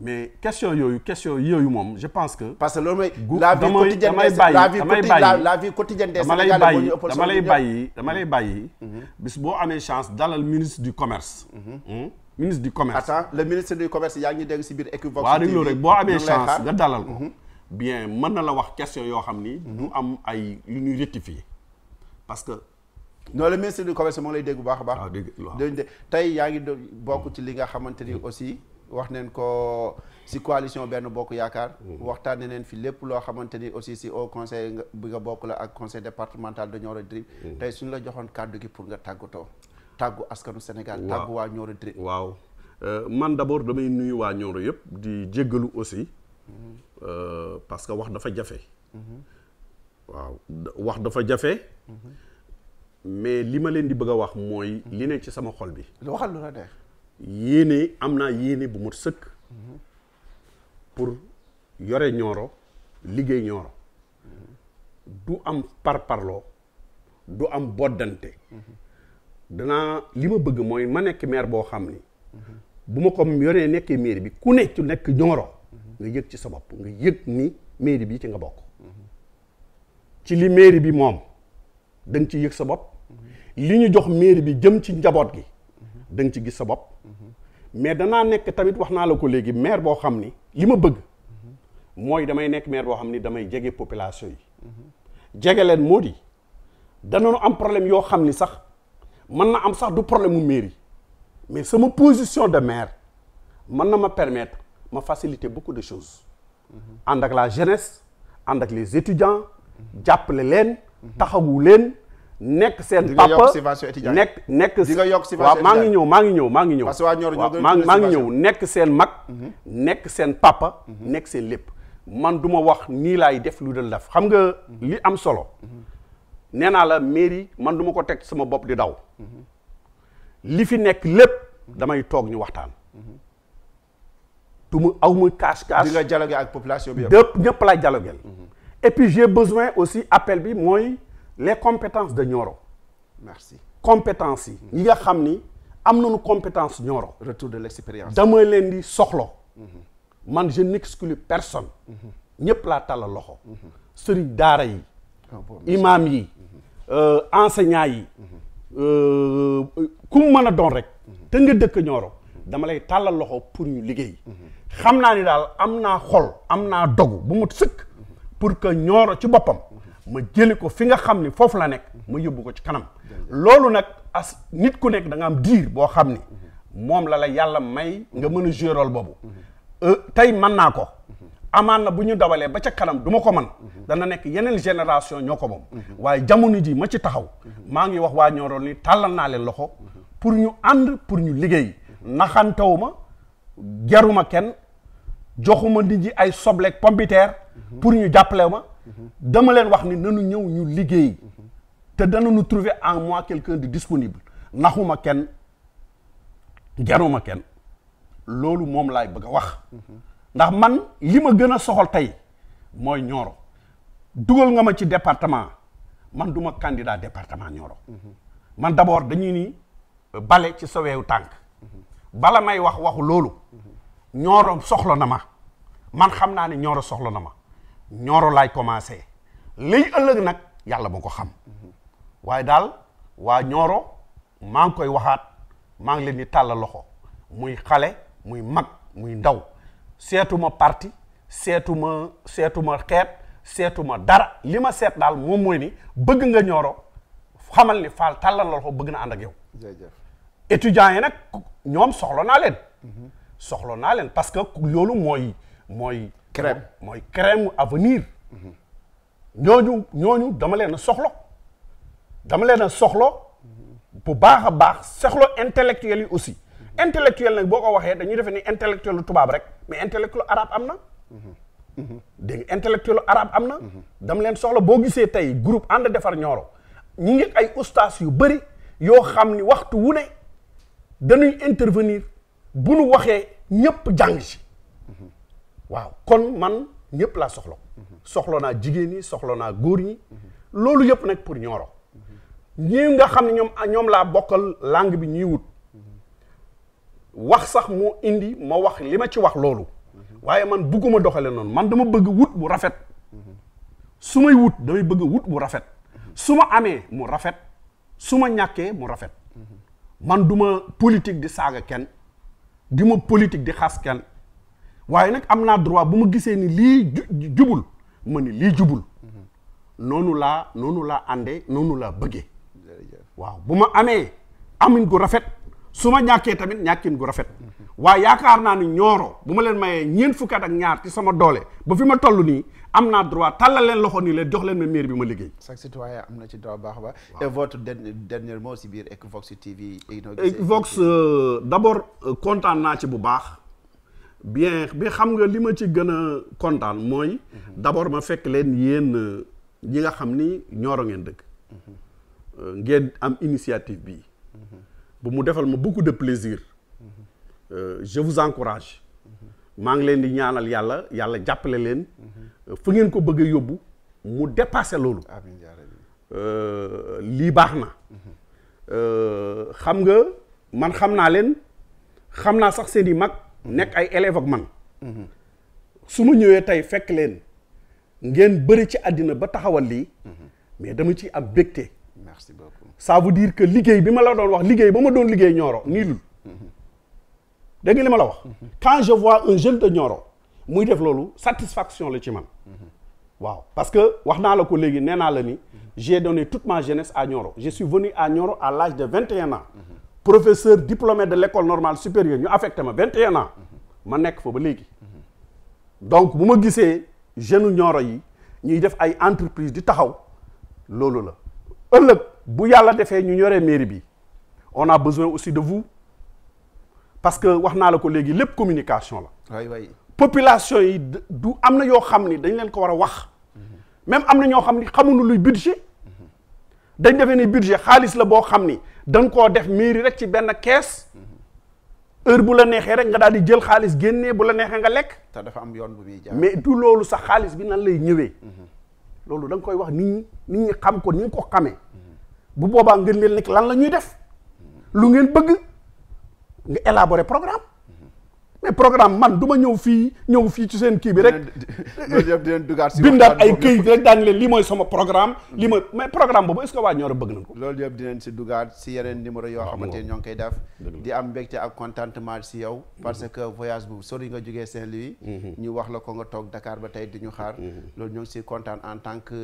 mais question yooyu question yooyu moom je pense que. parce que loolu mooy la vie quotidienne la vie quotidienne des Sénégalais moo ñu ëppal bàyyi dama bàyyi mhm. bis boo amee chance dalal ministre du commerce. Mhm. Hmm? ministre du commerce. attends le ministre du commerce yaa ngi dégg si biir Equivox. waaw dégg loolu rek boo amee chance nga dalal mhm. bien mën na la wax question yoo xam ni. du am ay yu ñuy rectifier parce que. non le ministre du commerce moo lay dégg bu baax a baax. Ah, waaw dégg tey yaa ngi bokk ci li nga xamante ni aussi. wax neen ko si coalition benn bokk yaakaar mhm. waxtaane neen fi lépp loo xamante ni aussi si au conseil bi nga bokk la ak conseil départemental de Nioro Dirib mhm. tey suñu la joxoon kàddu gi pour nga tàggatoo tàggu askanu Sénégal tàggu waa Nioro Dirib waaw euh, man d'abord damay nuyu waa Nioro yëpp di jéggalu aussi mhm. euh, parce que wax dafa jafe waaw wax dafa jafe mais li ma leen di bëgg a wax mooy li ne ci sama xol bi waxal lu la neex yéene am naa yéene bu mot sëkk pour yore ñooro liggéey ñooro du am parparloo du am boddante danaa li ma bëgg mooy ma nekk maire boo xam ni bu ma ko yoree nekkee mairie bi ku nekk nekk ñooro nga yëg ci sa bopp nga yëg ni mairie bi ci nga bokk ci li mairie bi moom da ci yëg sa bopp li ñu jox mairie bi jëm ci njaboot gi da nga ci gis sa bopp mais danaa nekk tamit wax naa la ko léegi maire boo xam ni li ma bëgg mooy damay nekk maire boo xam ni damay jege population yi jege leen moo di danañu am problème yoo xam ni sax mën na am sax du problème mu yi mais sama position de maire mën na ma permettre ma faciliter beaucoup de choses ànd ak la jeunesse ànd ak les étudiants jàppale leen taxawu leen nekk seen papa nekk nekk di nga yokk subvention waaw maa ngi ñëw maa ngi ñëw maa ngi ñëw parce que waa Nioro ñoo gën a maa ngi nekk seen mag mhm. nekk seen papa mhm. nekk seen lépp man du ma wax nii lay def lu dul def xam nga mhm. li am solo nee naa la mairie man duma ko teg sama bopp di daw li fi nekk lépp damay toog ñu waxtaan du mu aw ma cash cash di nga dialoguer ak population bi yëpp ñëpp laay dialoguer et besoin aussi appel bi mooy les compétences de Nioro. merci compétence yi. ñi nga xam ni am nañu compétence Nioro. retour de l'expérience dama leen di soxlo man je n'exclus personne. ñëpp laa tàllal loxo. sëriñ daara yi. Ah imaam yi. Euh, enseignants yi. Euh, ku mën a doon rek. te dëkk Nioro. dama lay tàllal loxo pour ñu liggéey. xam naa ni daal am naa xol am naa dogu bu mu sëkk. pour que Nioro ci boppam. ma jëli ko fi nga xam ni foofu la nekk ma yóbbu ko ci kanam loolu nag as nit ku nekk da nga am diir boo xam ni moom la la yàlla may nga mën a jouer rôle boobu euh, tey mën naa ko amaan na bu ñu dawalee ba ca kanam du ma ko man dana nekk yeneen génération ñoo ko moom waaye jamono ji ma ci taxaw maa ngi wax waa Nioro nii tàllal naa leen loxo pour ñu ànd pour ñu liggéey naxantawu ma geruma kenn joxuma nit ñi ay sobleeg pompiteer pour ñu jàppale ma dama leen wax ni nanu ñëw ñu liggéey te danañu trouver en mois quelqu'un de disponible naxuma kenn jaruma kenn loolu moom laay bëgg a wax ndax man li ma gën a soxal tey mooy Nioro dugal nga ma ci département man du ma candidat département Nioro man d'abord dañuy nii euh, bale ci saweewu tànk bala may wax waxu loolu Nioro soxla na ma man xam naa ne Nioro soxla na ma ñooro laay commencé liy ëllëg nag yàlla moo ko xam waaye daal waa ñooro maa ngi koy waxaat maa ngi leen di tàllal loxo muy xale muy mag muy ndaw seetu seetuma parti seetuma seetuma xeet ma dara li ma seet daal moom mooy ni bëgg nga ñooro xamal ni faal tàllal loxo bëgg na ànd ak yow étudiants soxla naa leen mm-hmm. soxla naa leen parce que loolu mooy mooy crème mooy crème avenir ñooñu ñooñu dama leen a soxlo dama leen soxlo bu baax a baax soxlo intellectuel yi aussi intellectuel nag boo ko waxee dañuy defe ni intellectuel lu tubaab rek mais intellectuel arabe am na dégg nga intellectuel arabe am na dama leen soxla boo gisee tey group ànd defar ñooro ñu ngi ay ustaas yu bëri yoo xam ni waxtu wu ne intervenir bu nu waxee ñëpp jàng si waaw kon man ñëpp laa soxla soxla naa jigéen ñi soxla naa góor ñi loolu yëpp nag pour Nioro ñi nga xam ne ñoom ñoom laa bokkal langue bi ñuy wut wax sax moo indi ma wax li ma ci wax loolu waaye man bëgguma doxalee noonu man dama bëgg wut bu rafet su may wut damay bëgg wut bu rafet su ma amee mu rafet su ma ñàkkee mu rafet man duma ma politique di saaga kenn du ma politique di xas kenn waaye nag am naa droit bu ma gisee ni lii jubul ma ni lii jubul noonu laa noonu laa àndee noonu laa bëggee waaw bu ma amee amin gu rafet su ma ñàkkee tamit ñàkkin gu rafet waaye yaakaar naa ni ñooro bu ma leen mayee ñeent fukki ak ñaar ci sama doole ba fi ma toll nii am naa droit tàllal loxo nii leen jox leen ma mairie bi ma liggéey. chaque citoyen am na ci droit baax ba. et votre dernier si biir Equivox TV. Equivox euh, d' abord euh, kontaan naa ci bu baax. bien bi xam nga li ma ci gën a kontaan mooy mhm. d'abord ma fekk leen yéen ñi nga xam ni ñooro ngeen dëkk mhm. ngeen am initiative bi mhm. bu mu defal ma beaucoup de plaisir euh, je vous encourage maa ngi leen di ñaanal yàlla yàlla jàppale leen euh, fu ngeen ko bëgg yóbbu mu dépassé loolu euh, lii baax na xam nga man xam naa leen xam naa sax seen i mag nekk ay élève ak man su ma ñëwee tey fekk leen ngeen bëri ci àddina ba taxawal lii mais dama ci am bégte merci beaucoup ça veut dire que liggéey bi ma la doon wax liggéey ba ma doon liggéey Nioro nii lul dégg nga li ma la wax quand je vois un jeune de Nioro muy def loolu satisfaction la ci man waaw parce que wax naa la ko léegi nee naa la ni j'ai donné toute ma jeunesse à Nioro je suis venu à Nioro à l'âge de vingt et un ans professeur diplômé de l' normal normale ñu affecté ma 21 ans ma nekk fa ba léegi donc bu ma gisee jeunes Nioro yi ñuy def ay entreprise di taxaw loolu la ëllëg bu yàlla defee ñu ñoree mairie bi on a besoin aussi de vous parce que wax naa la ko léegi lépp communication la waay waay population yi du am na yoo xam ni dañu leen ko war a wax même am na ñoo xam ni xamuñu luy budget dañ defee ni budget xaalis la boo xam ni danga koo def mairie rek ci benn kees heure bu la neexee rek nga daal di jël xaalis génnee bu la neexee nga lekk. te dafa am yoon bu muy jaar mais du loolu sax xaalis bi nan lay ñëwee. Mhm. loolu da koy wax nit ñi nit ñi xam ko ni ko xamee. bu boobaa ngeen leen nekk lan la ñuy def. Mhm. lu ngeen bëgg nga élaborer programme. mais programme man du ma ñëw fii ñëw fii ci seen kii bi rek. bindaat ay këyit rek daañu leen lii mooy sama programme. li hmm. mooy mais programme boobu est-ce que waa Nioro bëgg nañ ko. loolu yëpp dinañ si dugaat si yeneen numéro yoo ah, xamante ne ñoo ngi koy def. di am mbégte ak contentement si yow. parce hmm. que voyage bu sori nga jógee Saint-Louis. Hmm. ñu wax la ko nga toog dakaar ba tey di ñu xaar. loolu ñoo si kontaan en tant que.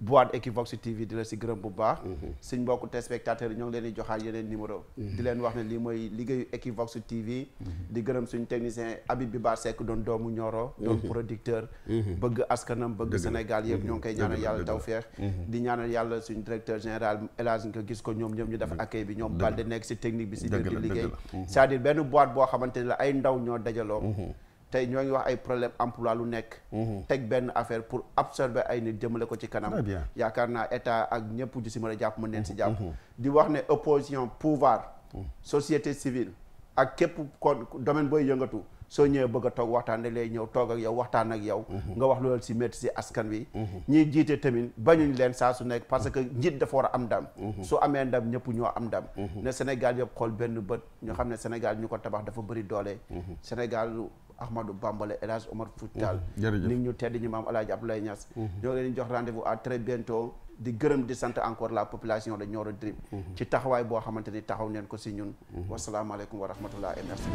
boîte Equivox TV di la si gërëm bu baax mhm. suñ mbokku téléspectateurs yi ñoo ngi leen di joxaat yeneen numéro di leen wax ne li mooy liggéeyu Equivox TV mhm. di gërëm suñ technicien Habib Bibar Seck doon doomu Nioro mhm. doon producteur bëgg askanam bëgg Sénégal yëpp ñoo ngi koy ñaanal yàlla tawfeex di ñaanal yàlla suñ directeur général El nga gis ko ñoom ñoom ñu def accueil bi ñoom balde nekk si technique bi si biir di liggéey cest à benn boîte boo xamante ne la ay ndaw ñoo dajaloo tey ñoo ngi wax ay problème emploi lu nekk mhm. teg benn affaire pour absorber ay nit jëmale ko ci kanam yaakaar naa état ak ñëpp ju si mën a jàpp mën neen si mhm. jàpp mhm. di wax ne opposition pouvoir société civile ak képp kon domaine booy yëngatu soo ñëwee bëgg a toog waxtaan da ñëw toog ak yow waxtaan ak yow nga wax loolu si métti si askan wi ñiy jiite tamit bañuñ leen saa su nekk parce que njiit dafa war a am ndam su amee ndam ñëpp ñoo am ndam ne Sénégal yëpp xool benn bët ñu xam ne Sénégal ñu ko tabax dafa bëri doole Sénégal Ahmadou Bambale El Hadj Omar Foutal nit ñu tedd ñi maam El Hadj Abdoulaye Niass ñoo leen jox rendez-vous à très bientôt di gërëm di sant encore la population de Nioro Drib ci taxawaay boo xamante ni taxaw neen ko si ñun wasalaamaaleykum wa rahmatullah et merci